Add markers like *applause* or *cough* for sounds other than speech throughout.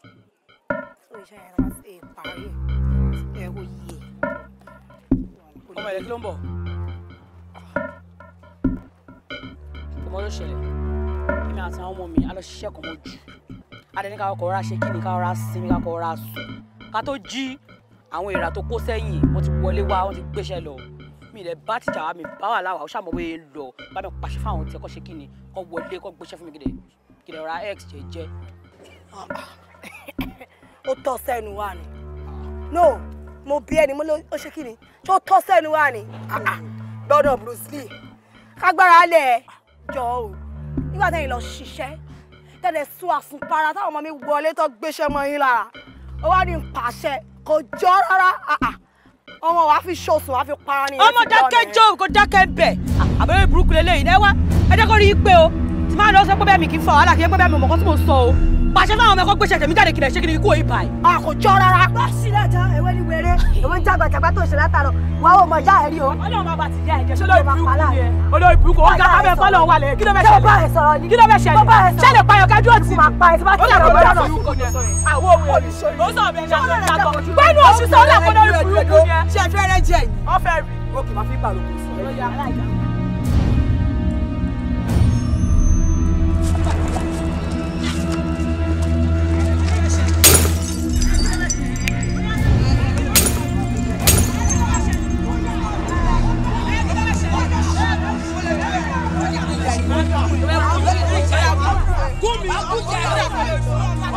ọmọ ẹ̀rẹ́ kí ló ń bọ̀ ọmọ ló ṣẹlẹ̀ èmi àti àwọn ọmọ mi a lọ ṣiṣẹ́ kan mọ́ jù adẹni ká kọ́kọ́ ra ṣe kí ni ká ra sinmi ká kọ́kọ́ ra sùn ká tó jí àwọn èèrà tó kó sẹ́yìn wọ́n ti wọlé wá wọ́n ti gbéṣẹ́ lọ mi lẹ bá tìjà wa mi bá wà láwà ó ṣàmọ̀wé e lọ bá mi pàṣẹ fáwọn tí ẹ kọ́ ṣe kí ni kọ́ wọlé kọ́ gbéṣẹ́ fún mi gidi gidi ọ̀rá x jẹ́ jẹ́. O *coughs* tọ́ sẹ́nu wa ni no mo bi ẹni mo ló ṣe kí ni tó tọ́ sẹ́nu wa ni lọ́dọ̀ ah, ah, Bruce Lee kágbára lẹ̀ jọ o nígbà tẹ́yìn lọ ṣiṣẹ́ tẹ́lẹ̀ sún àsùnpara táwọn ọmọ mi wọlé tó gbéṣẹ́ mọ́ yín lára ó wá ní pàṣẹ kò jọ rárá ah, ọmọ wa fi ṣòṣù wa fi para ni. ọmọ dákẹ́ jọ kò dákẹ́ bẹ̀ àbẹ̀rẹ̀ burúkú lélẹ́yìn náà wá ẹ jẹ́ kó rí i pé o tí máa lọ sọ pé bẹ́ẹ̀ mi kì í fa wàhálà kì í pé bẹ́ẹ̀ mi mọ̀ kó tí mo sọ o pàṣẹ fáwọn ọmọ ẹ̀kọ́ gbéṣẹ́ tèmi jáde kìlẹ̀ ṣé kí ni ikú òyìnbá yìí. a kò jọ rárá. lọ sí lẹ́jọ́ ewé ni wéré *laughs* ewé ń jágbà jàgbà tó ṣe látàrọ wà ó mọ ìyá ẹ̀ rí o. ọlọ́run máa bá ti yá ẹ̀jẹ̀ sọ́dọ̀ ìbúkú ni ẹ̀ olórí burúkú ó dára bẹ́ẹ̀ wà lẹ̀ kí ló fẹ́ ṣẹlẹ̀ kí ló fẹ́ ṣẹlẹ̀ ṣẹlẹ̀ payọ̀ kájú òtí mi. bẹ́ẹ̀ni oṣù sọ́ọ́lá kọ́dọ̀ ìbúkú ni ẹ. ṣe fẹ́rẹ́ jẹ́ yìí. ọ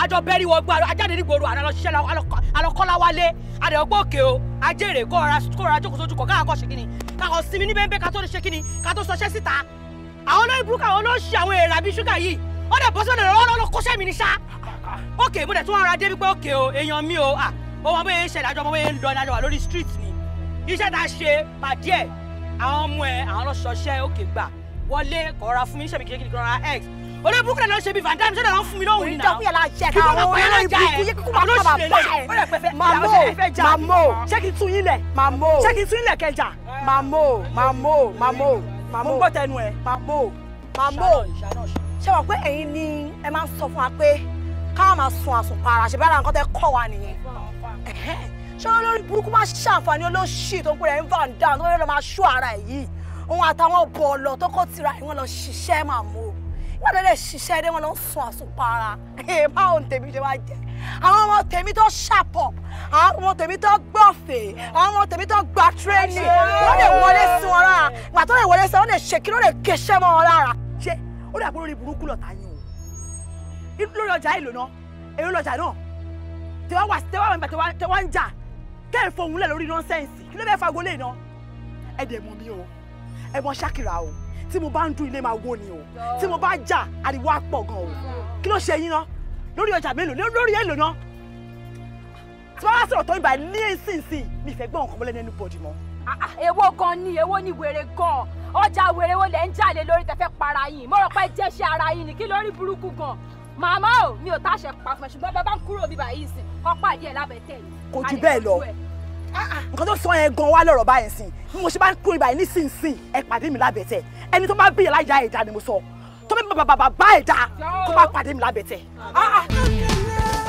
àjọ bẹ́rí wọ gbọ́ ajáde nígboro àná lọ ṣiṣẹ́ alọ́kọ́lá wálé àdẹ̀wọ́gbọ́ òkè o ajẹ́rè kóra jókòó sójú kọ̀ káwọn kọ́ ṣe kíni káwọn sinmi ní bẹ́ẹ̀ ká tó ṣe kíni ká tó sọṣẹ́ síta àwọn olóyìn burúkú àwọn olóṣì àwọn èrè àbí ṣúgà yìí ó dẹ̀ bọ́ sọ́dọ̀ lọ́wọ́ lọ́wọ́ kọ́ṣẹ́ mi ní ṣá òkè mo dẹ̀ tún ara dé wípé òkè o èèyàn mi o ọmọ bẹ́ẹ̀ ṣẹlẹ̀ àjọ ọmọ bẹ́ẹ̀ ń lọ àjọ wà lórí street ni iṣẹ́ tá ṣe pàdé àwọn ọmọ ẹ̀ àwọn lọ́ṣọṣẹ́ òkè gbà wọlé kọ̀ọ̀ra fún mi iṣẹ́ mi kékeré kọ̀ọ̀ra eggs olórí burúkú náà ṣe bí van dam sọdọ àwọn fún mi lóhùn nìyà. ìjọba yàrá jẹ ká àwọn olórí burúkú yẹ kó máa kọ́ bá bá ẹ. màmó màmó ṣé kí n tún yín lẹ̀ màmó ṣé kí tún yín kẹjà màmó màmó màmó màmó gbọ́ tẹnu ẹ̀ ṣé wọ́n pé ẹ̀yin ni ẹ máa ń sọ fún wa pé káwọn máa sun àsùnpara ṣe bára nǹkan tẹ́ kọ́ wa nìyẹn ṣé olórí burúkú máa ṣàǹfààní olóṣì tó ń pè ẹ́ ń tó ń lọ máa ṣú ara ẹ̀ yìí òun àtàwọn bọ̀ọ̀lọ̀ tó kó tira ìwọ̀n lọ ṣiṣẹ́ màmó wọ́n dẹ́dẹ́ ṣiṣẹ́ dé wọn lọ sùn àsùnpara báwo ni tèmi ṣe wá jẹ́ àwọn ọmọ tèmi tó ṣàpọ̀ àwọn ọmọ tèmi tó gbọ̀fẹ̀ àwọn ọmọ tèmi tó gba tírénì wọ́n lè wọlé sí wọn lára ìgbà tó lè wọlé sí wọn lè ṣe kí ló lè kéṣẹ́ mọ́ wọn lára. ṣé ó dà pé lórí burúkú lọ́ta yín o lórí ọjà èlò náà èrò lọ́jà náà tẹwà wà tẹwà wà nígbà tẹwà ń jà kẹ́ẹ̀ fohùn lẹ̀ lórí nọ́ńsẹ̀nsì kí ló fẹ́ fagolé náà ẹ̀ dẹ̀ mọ̀ mí o ẹ̀ mọ̀ ṣàkìrà o tí mo bá ń dún ilé máa wó ni o tí mo bá jà ariwo á pọ̀ gan o kí ló ṣe yín ná lórí ọjà mélòó lórí èlò ná tí wọ́n bá sọ̀rọ̀ tó ibà ní ìsinsìn mi ìfẹ́ gbọ́n kọ́mọ́lẹ́ nínú bọ̀dì mọ́. Ah, ah, èwo gan ni èwo ni wèrè gan ọjà wèrè wo lẹ ń jàlè lórí tẹfẹ para yín mo rò pé jẹṣẹ ara yín ni kí lórí burúkú gan màmá o mi ò táṣẹ pàfẹ ṣùgbọ́n bàbá ń kúrò mi báyìí sìn kọ́ pàdé ẹ̀ lábẹ́ tẹ̀ yìí. kò jù bẹ́ẹ̀ lọ ah, nǹkan tó sọ yẹn gan wá lọ́rọ̀ báyìí sìn bí mo ṣe bá ń ibà yìí nísinsìnyí ẹ pàdé mi lábẹ́ tẹ̀ ẹni tó máa bìyàn láyà ẹ̀dá ni mo sọ tó bẹ́ẹ̀ bàbàbà bá ẹ̀dá kó má pàdé mi lábẹ́tẹ̀. Ah, ah.